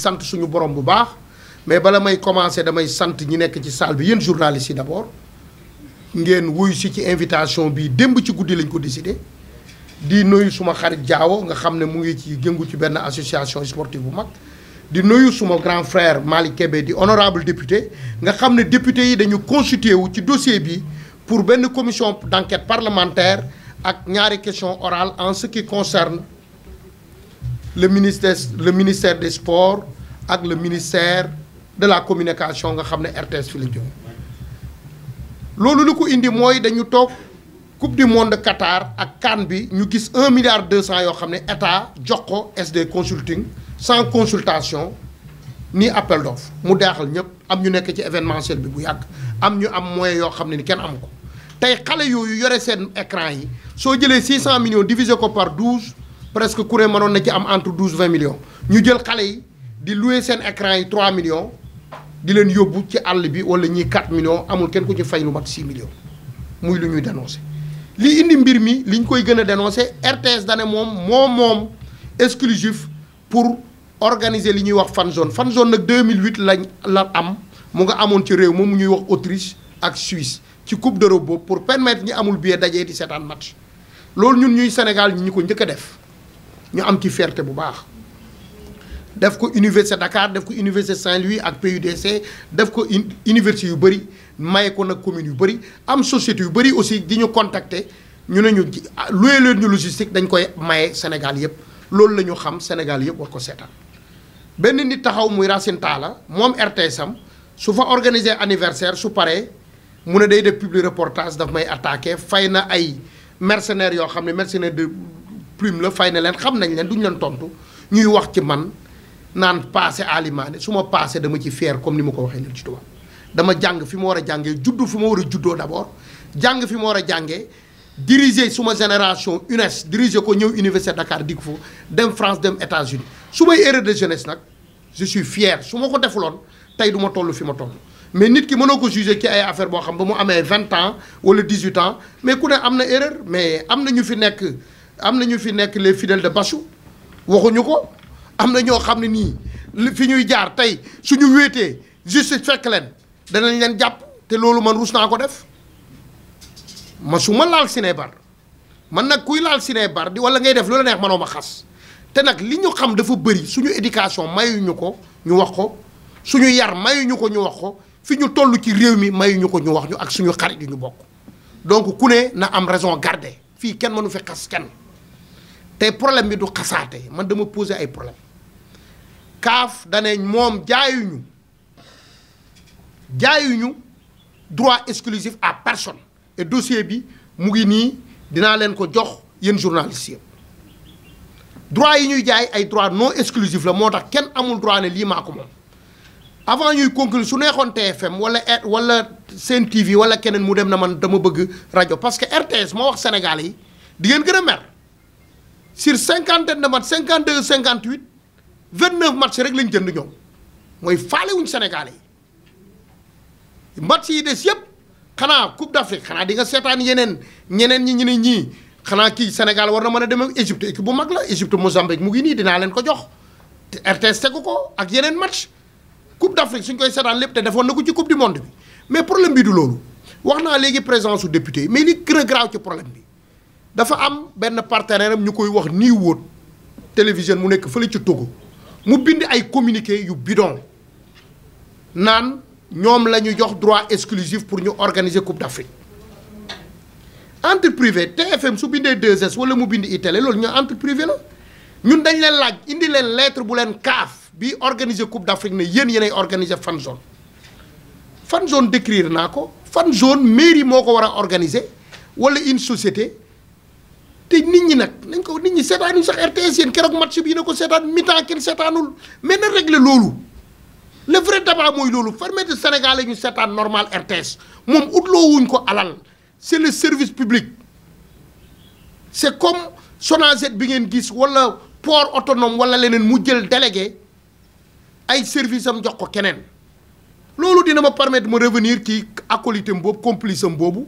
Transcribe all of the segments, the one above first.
sant suñu borom bu baax mais bala may commencer damay sant ñi nekk ci salle bi yéen journalistes yi d'abord ngeen wuyu si ci invitation bi démb ci guddi lañ ko décidé di nuyu suma xarit jaawo nga xam ne mu ngi ci gëngu ci benn association sportive bu mag di nuyu suma grand frère Malick Kébé di honorable député nga xam ne député yi dañu constitué wu ci dossier bi pour benn commission d'enquête parlementaire ak ñaari question orale en ce qui concerne le ministère le ministère des sports ak le ministère de la communication nga xam ne RTS fi la jóge loolu li ko indi mooy dañu toog coupe du monde Qatar ak CAN bi ñu gis un milliard deux cent yoo xam ne état jox ko SD consulting sans consultation ni appel d'offre mu daaxal ñëpp am ñu nekk ci événementiel bi bu yàgg am ñu am moyen yoo xam ne ni kenn am ko tey xale yooyu yore seen écran yi soo jëlee six cent millions divisé ko par douze presque Couré mënoon na ci am entre douze vingt millions ñu jël xale yi di louer seen ecran yi trois million di leen yóbbu ci àll bi wala ñii quatre million amul kenn ku ci fay lu mat six millions muy lu ñuy dénoncé. li indi mbir mi li liñ koy gën a dénoncé RTS dane moom moom moom exclusif pour organiser li ñuy wax fan zone fan zone nag 2008 lañ la am mu nga amoon ci réew moom mu ñuy wax Autriche ak Suisse ci coupe d'Europe boobu pour permettre ñi amul billet dajee di seetaan match loolu ñun ñuy Sénégal ñi ñu ko njëkk a def. ñu am ci ferte bu baax def ko université Dakar def ko université Saint-Louis ak PUDC def ko université yu bëri maye ko nag commune yu bëri am société yu bëri aussi di ñu contacter ñu ne ñu ah, looy leen ñu logistique dañ koy maye Sénégal yëpp loolu la ñu xam Sénégal yëpp war ko seetaan benn nit taxaw muy Racine Talla moom RTS sam su fa organiser anniversaire su paree mu ne day def publi reportage daf may attaqué fay na ay mercenaires yoo xam ne mercenaires de. plume la fay na leen xam nañ leen duñ leen tontu ñuy wax ci man naan passé alimaane su ma passé dama ci fier comme ni ma ko waxee leen ci tubaab dama jàng fi ma war a jànge juddu fi ma war juddoo d'abord jàng fi ma war a jàngee diriger suma génération UNES diriger ko ñëw université Dakar di ko foofu dem France dem États-Unis su may erreur de jeunesse nag je fier su ma ko defuloon tey duma ma toll fi ma toll. mais nit ki mënoo ko juger ci ay affaire boo xam ba mu amee vingt ans wala dix-huit ans mais ku ne am na erreur mais am na fi nekk. am na ñu fi nekk les fidèles de Bachou waxuñu ko am na ñoo xam ne nii li fi ñuy jaar tey suñu wéetee justice fekk leen danañ leen jàpp te loolu man rus naa ko def ma su ma laal bar man nag kuy laal bar di wala ngay def loola neex manoo ma xas te nag li ñu xam dafa bëri suñu éducation mayuñu ko ñu wax ko suñu yar mayuñu ko ñu wax ko fi ñu toll ci réew mi mayuñu ko ñu wax ñu ak suñu xarit yu ñu bokk donc ku ne na am raison garder fii kenn mënu fi xas kenn tey problème bi du xasaate man dama poser ay problème kaaf dane moom jaayuñu jaayuñu droit exclusif à personne et bi mu ngi nii dinaa leen ko jox yéen journalistes yëpp droit yi ñuy jaay ay droit non exclusif la moo tax kenn amul droit ne lii maa ko moom avant ñuy conclure su neexoon TFM wala wala Sen TV wala keneen mu dem na man dama bëgg rajo parce que RTS moo wax Sénégal yi di ngeen gën a mer sur cinquantaine de match cinquante deux cinquante huit vingt neuf match rek lañ jënd ñoom mooy faale wuñ Sénégalais yi match yi des yëpp xanaa Coupe d'Afrique xanaa di nga seetaan yeneen ñeneen ñi ñu ne ñii xanaa kii Sénégal war na mën a dem ak Égypte équipe bu mag la Égypte Mozambique mu ngi nii dinaa leen ko jox te RTS tegu ko ak yeneen match Coupe d'Afrique suñ koy seetaan lépp te defoon na ko ci Coupe du monde bi mais problème bi du loolu wax naa léegi présence su député mais li gën a graaw ci problème bi. dafa am benn partenaire am ñu koy wax nii wóot télévision mu nekk fële ci Togo mu bind ay communiqué yu bidon naan ñoom la ñu jox droit exclusif pour ñu organiser Coupe d'Afrique entre privé TFM su bindee 2S wala mu bind iTélé loolu ñu entre privé la ñun dañ leen laaj indi leen lettre bu leen kaaf bi organiser Coupe d'Afrique ne yéen yéenay organiser fan zone fan zone décrire naa ko fan zone mairie moo ko war a organiser wala une société te nit ñi nag nañ ko nit ñi seetaanuñ sax RTS yéen keroog match bi ne ko seetaan mi-temps kenn seetaanul mais na régler loolu le vrai débat mooy loolu permettre Sénégalais ñu seetaan normal RTS moom wuñ ko alal c'est le service public c'est comme Sonaged bi ngeen gis wala port autonome wala leneen mu jël délégué ay service am jox ko keneen loolu dina ma permettre ma revenir ci acolyte am boobu complice am boobu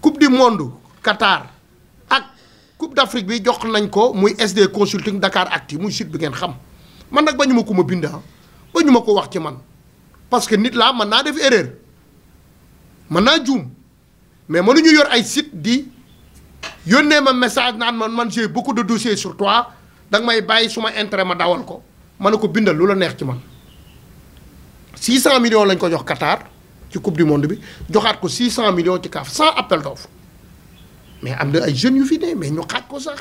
coupe du monde quatar coupe d'Afrique bi jox nañ ko muy SD consulting Dakar Actu muy site bi ngeen xam man nag bañu ma ko ma bind ah bañu ma ko wax ci man parce que nit laa mën naa def erreur mën naa juum mais man mënuñu yor ay site di yónnee ma message naan man man j'ai beaucoup de dossiers sur toi da may bàyyi suma intérêt ma dawal ko ma ne ko bindal lu la neex ci man 600 millions lañ ko jox Qatar ci coupe du monde bi joxaat ko 600 millions ci CAF sans appel d'offre mais am na ay jeunes yu fi ne mais ñu xaaj ko sax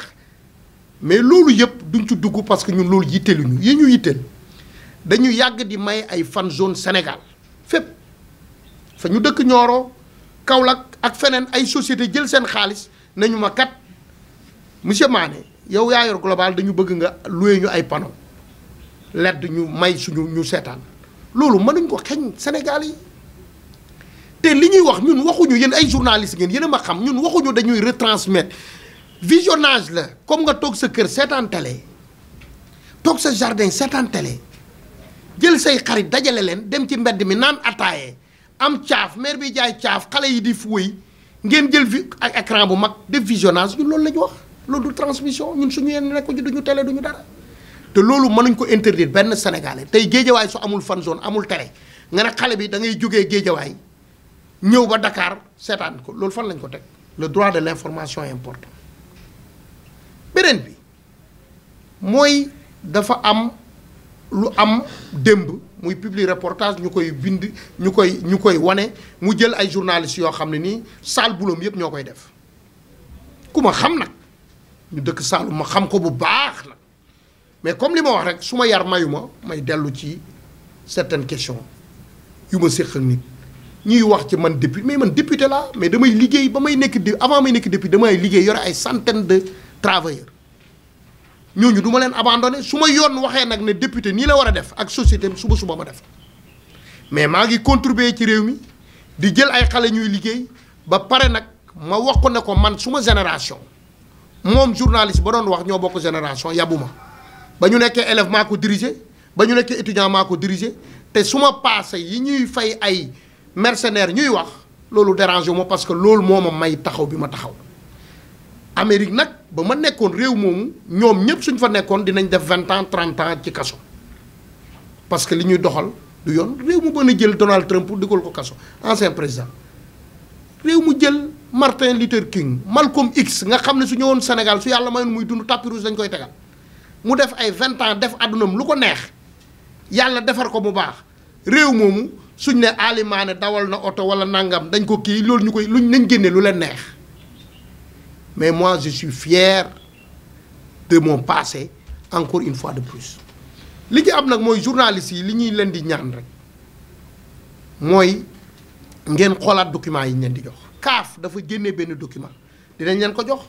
mais loolu yëpp duñ ci dugg parce que ñun loolu yitteeluñu yi ñu yitteel dañu yàgg di may ay fan zone Sénégal fépp fa ñu dëkk Nioro Kaolack ak feneen ay société jël seen xaalis nañu ma kat monsieur Mané yow yaa yor global dañu bëgg nga loué ñu ay panneau ledd ñu may suñu ñu seetaan loolu mënuñ ko xeñ Sénégal yi te li ñuy wax ñun waxuñu yéen ay journaliste ngeen yéen a ma xam ñun waxuñu dañuy retransmettre visionnage la comme nga toog sa kër seetaan télé toog sa jardin seetaan télé jël say xarit dajale leen dem ci mbedd mi naan ataaye am caaf maire bi jaay caaf xale yi di fuuy ngeen jël vi ak écran bu mag def visionnage ñun loolu la ñu wax loolu du transmission ñun suñu yéen nekk duñu télé duñu dara te loolu mënuñ ko interdire benn sénégalais tey géejawaay su amul fan zone amul télé nga ne xale bi da ngay jógee géejawaay ñëw ba Dakar seetaan ko loolu fan lañ ko teg le droit de l'information est important beneen bi mooy dafa am lu am démb muy publi reportage ñu koy bind ñu koy ñu koy wane mu jël ay journalistes yoo xam ne nii saal buloom yëpp ñoo koy def ku ma xam nag ñu dëkk Saalum ma xam ko bu baax nag mais comme li ma wax rek su ma yar mayuma may dellu ci certaines questions yu ma séq ak nit ñuy wax ci man député mais man député laa mais damay liggéey ba may nekk di avant may nekk député damay liggéey yore ay centaine de travailleurs ñooñu du ma leen abandonné su ma yoon waxee nag ne député nii la war a def ak société bi suba suba ma def mais maa ngi contribuer ci réew mi di jël ay xale ñuy liggéey ba pare nag ma wax ko ne ko man suma génération moom journaliste ba doon wax ñoo bokk génération yabu ma ba ñu nekkee élève maa ko dirigé ba ñu nekkee étudiant maa ko dirigé te su ma yi ñuy fay ay. mercenaire ñuy wax loolu dérange wu ma parce que loolu moo ma may taxaw bi ma taxaw Amérique nag ba ma nekkoon réew moomu ñoom ñëpp suñ fa nekkoon dinañ def vingt ans trente ans ci kaso parce que li ñuy doxal du yoon réew mu mën a jël Donald Trump dugal ko kaso ancien président réew mu jël Martin Luther King Malcolm X nga xam ne su ñëwoon Sénégal su yàlla mayoon muy dund tapis rouge dañ koy tegal mu def ay vingt ans def àddunam lu ko neex yàlla defar ko mu baax réew moomu suñ ne aliment alimaane dawal na oto wala nangam dañ ko kii loolu ñu koy luñ nañ génne lu leen neex mais mois je suis fier de moom passé encore une fois de plus li ci am nag mooy journalistes yi li ñuy leen di ñaan rek mooy ngeen xoolaat document yi ñu leen di jox kaaf dafa génne benn document dinañ leen ko jox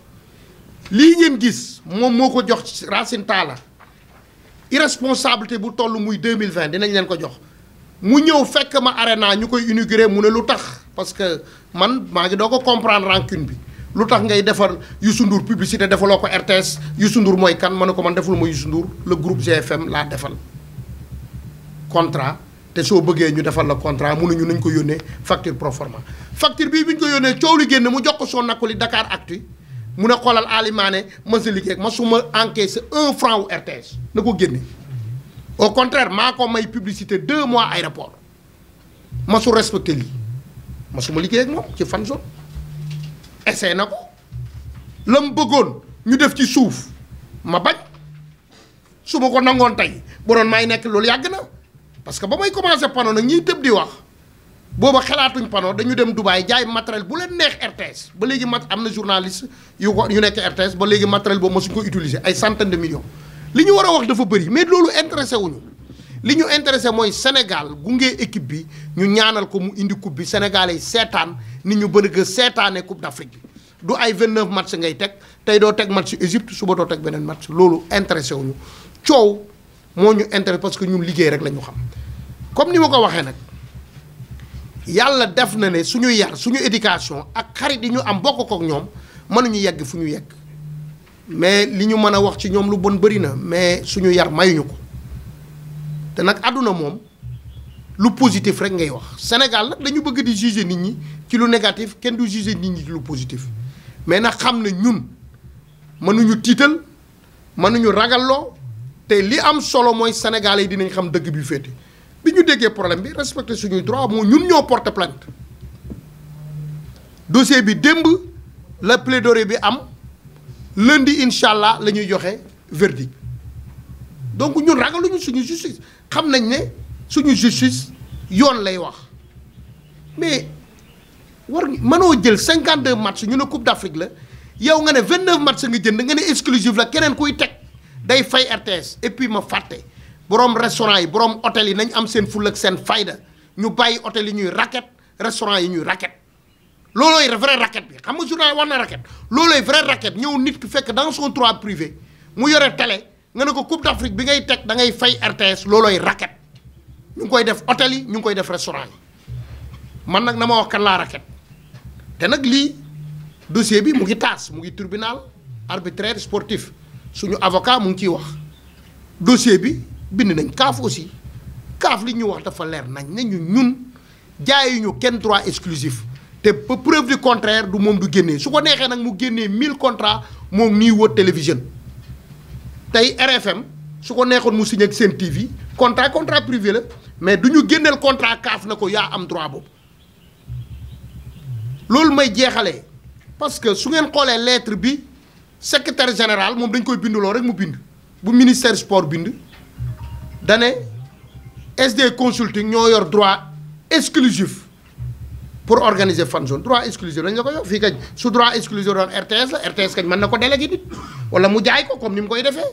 lii ngeen gis moom moo ko jox Racine Talla irresponsabilité bu toll muy 2020 dinañ leen ko jox mu ñëw fekk ma arena ñu koy inauguré mu ne lu tax parce que man maa ngi doo ko comprendre rancune bi lu tax ngay defar Youssou Ndour publicité defaloo ko RTS yu Ndour mooy kan ma ne ko man deful ma Youssou Ndour la groupe GFM laa defal contrat te soo bëggee ñu defal la contrat mënuñu nañ ko yónnee facture proforma facture bii bi ñu ko yónnee coow lu génn mu jox ko soo nakku li Dakar Actu mu ne xoolal Aliou Mané ma sa liggéey ma su ma encaissé un franc wu RTS na ko génne au contraire maa ko may publicité deux mois aéroport masu respecté lii masuma liggéey ak moom ci fan zone essayé na ko la mu bëggoon ñu def ci suuf ma bañ su ma ko nangoon tey bu doon may nekk loolu yàgg na parce que ba may commencé panneau nag ñiy tëb di wax booba xalaatuñ panneau dañu dem Dubaay jaay matériel bu leen neex RTS ba léegi mat am na journaliste yu ko yu nekk RTS ba léegi matériel boobu mosuñ ko utiliser ay centaine de millions li ñu war a wax dafa bëri mais loolu intéressé wuñu li ñu intéressé mooy Sénégal gunge équipe bi ñu ñaanal ko mu indi coupe bi Sénégalais seetaan nit ñu bëgg a seetaane coupe d'Afrique bi du ay 29 match ngay teg tey doo teg match Égypte suba doo teg beneen match loolu intéressé wuñu coow moo ñu intéressé parce que ñun liggéey rek la xam comme ni ma ko waxee nag yàlla def na ne suñu yar suñu éducation ak xarit yi ñu am bokk kook ñoom mënuñu yegg fu ñu yegg mais li ñu mën a wax ci ñoom lu bon bëri na mais suñu yar mayuñu ko te nag àdduna moom lu positif rek ngay wax Sénégal nag dañu bëgg di juger nit ñi ci lu négatif kenn du juger nit ñi ci lu positif mais nag xam na ñun mënuñu tiital mënuñu ragalloo te li am solo mooy sénégalais yi dinañ xam dëgg bi féete bi ñu déggee problème bi respecté suñuy droit moo ñun ñoo porté plainte dossier bi démb la plaidoirie bi am lundi incha allah la ñuy joxe verdict donc ñun ragaluñu suñu justice xam nañ ne suñu justice yoon lay wax mais war mënoo jël 52 match ñu ne Coupe d'Afrique la yow nga ne 29 match nga jënd nga ne exclusive la keneen kuy teg day fay RTS et puis ma fàtte borom restaurant yi borom hôtel yi nañ am seen ful ak seen fayda ñu bàyyi hôtel yi ñuy racket restaurant yi ñuy racket. loolooy vrai raquette bi xam nga journal wax na raquette loolooy vrai raquette ñëw nit ki fekk dans son droit privé mu yore tele nga ne ko Coupe d'Afrique bi ngay teg dangay ngay fay RTS loolooy raket ñu ngi koy def hôtel yi ñu ngi koy def restaurant yi man nag na ma wax kan laa raquette te nag lii dossier bi mu ngi taas mu ngi tribunal arbitraire sportif suñu avocat mu ngi ciy wax dossier bi bind nañ kaaf aussi kaaf li ñuy wax dafa leer nañ ne ñu ñun jaayuñu kenn droit exclusif te ba preuve du contraire du moom du génnee su ko neexee nag mu génnee mille contrats moom nii wër télévision tey RFM su ko neexoon mu signé ak seen TV contrat contrat privé la mais du ñu génneel contrat kaaf na ko yaa am droit boobu loolu may jeexalee parce que su ngeen xoolee lettre bi secretaire général moom dañ koy binduloo rek mu bind bu ministère sport bind dane SD consulting ñoo yor droit exclusif pour organiser fan zone droit exclusif lañ la ko jox fii kañ su droit exclusif doon RTS la RTS kañ mën na ko délégué nit wala mu jaay ko comme ni mu koy defee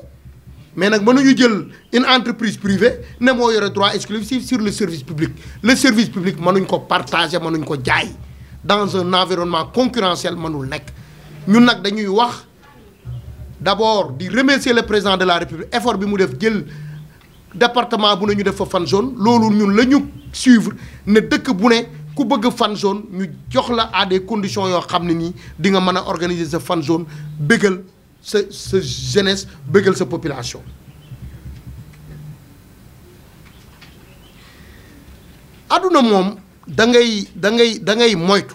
mais nag na ñu jël une entreprise privée ne moo yore droit exclusif sur le service public le service public mënuñ ko partager mënuñ ko jaay dans un environnement concurrentiel mënul nekk ñun nag dañuy wax d'abord di remercier le président de la république effort bi mu def jël département bu ne ñu def fa fan zone loolu ñun la ñu suivre ne dëkk bu ne ku bëgg fan zone ñu jox la à des conditions yoo xam ne nii di nga mën a organiser sa fan zone bégal sa sa jeunesse bégal sa population. adduna moom da ngay da ngay da ngay moytu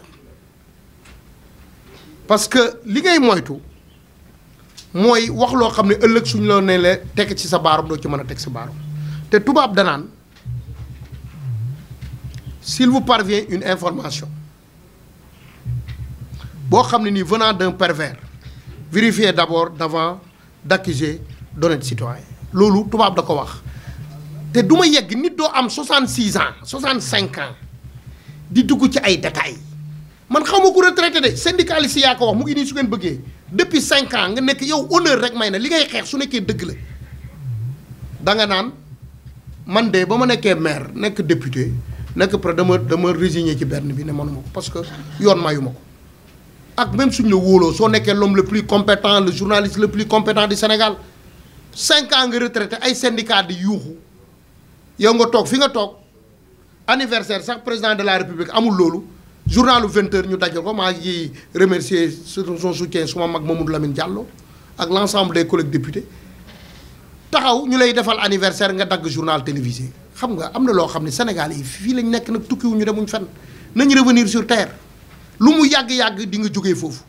parce que li ngay moytu mooy wax loo xam ne ëllëg suñu la ne la tekk ci sa baaram doo ci mën a teg sa baaram te tubaab danaan. s'il vous parvient une information boo xam ne nii venant d'un pervers vérifiez d'abord d'avant d'accuser d'honnêtes citoyens loolu tubaab da ko wax te du ma yegg nit doo am 66 ans 65 ans di dugg ci ay détails man xaw ma ko retraité de syndicaliste yi yaa ko wax mu ngi nii su ngeen bëggee depuis 5 ans nga nekk yow honneur rek may na li ngay xeex su nekkee dëgg la da nga naan man de ba ma nekkee maire nekk député nekk prêt dama dama résigné ci benn bi ne mënuma ko parce que yoon mayuma ko ak même suñ la wóoloo soo nekkee l'homme le plus compétent le journaliste le plus compétent du Sénégal cinq ans nga retraité ay syndicat di yuuxu yow nga toog fi nga toog anniversaire sax président de la république amul loolu journalu 20 heures ñu dajal ko maa ngi remercier son soutien suma mag Mamadou Lamine Diallo ak l'ensemble des collègues députés taxaw ñu lay defal anniversaire nga dagg journal télévisé xam nga am na loo xam ne Sénégal yi fii lañ nekk nag tukkiwu ñu demuñ fenn nañ revenir sur lu mu yàgg-yàgg di nga jógee foofu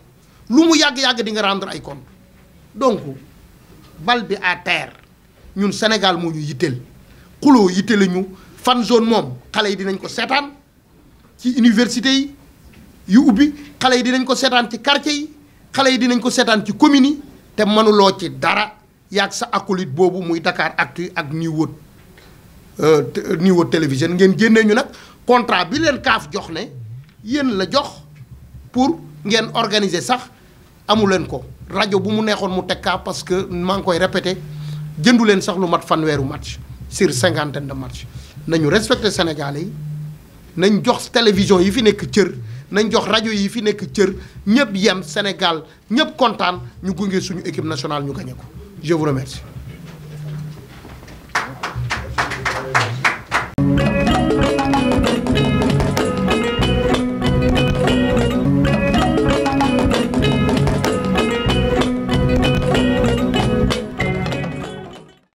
lu mu yàgg-yàgg di nga rendre ay compte donc bal bi à terre ñun Sénégal moo ñu yitteel xuloo yitteel ñu fan zone moom xale yi dinañ ko seetaan ci université yi yu ubbi xale yi dinañ ko seetaan ci quartier yi xale yi dinañ ko seetaan ci communes yi te mënuloo ci dara yàgg sa acolyte boobu muy Dakar Actu ak New World Euh, niveau télévision ngeen génnee ñu nag contrat bi leen kaaf jox ne yéen la jox pour ngeen organiser sax amu leen ko rajo bu mu neexoon mu teg kaaf parce que maa ngi koy répété jëndu leen sax lu mat fanweeru match sur cinquantaine de match nañu respecté Sénégalais yi nañ jox télévision yi fi nekk cër nañ jox rajo yi fi nekk cër ñëpp yem Sénégal ñëpp kontaan ñu gunge suñu équipe nationale ñu gañe ko je vous remercie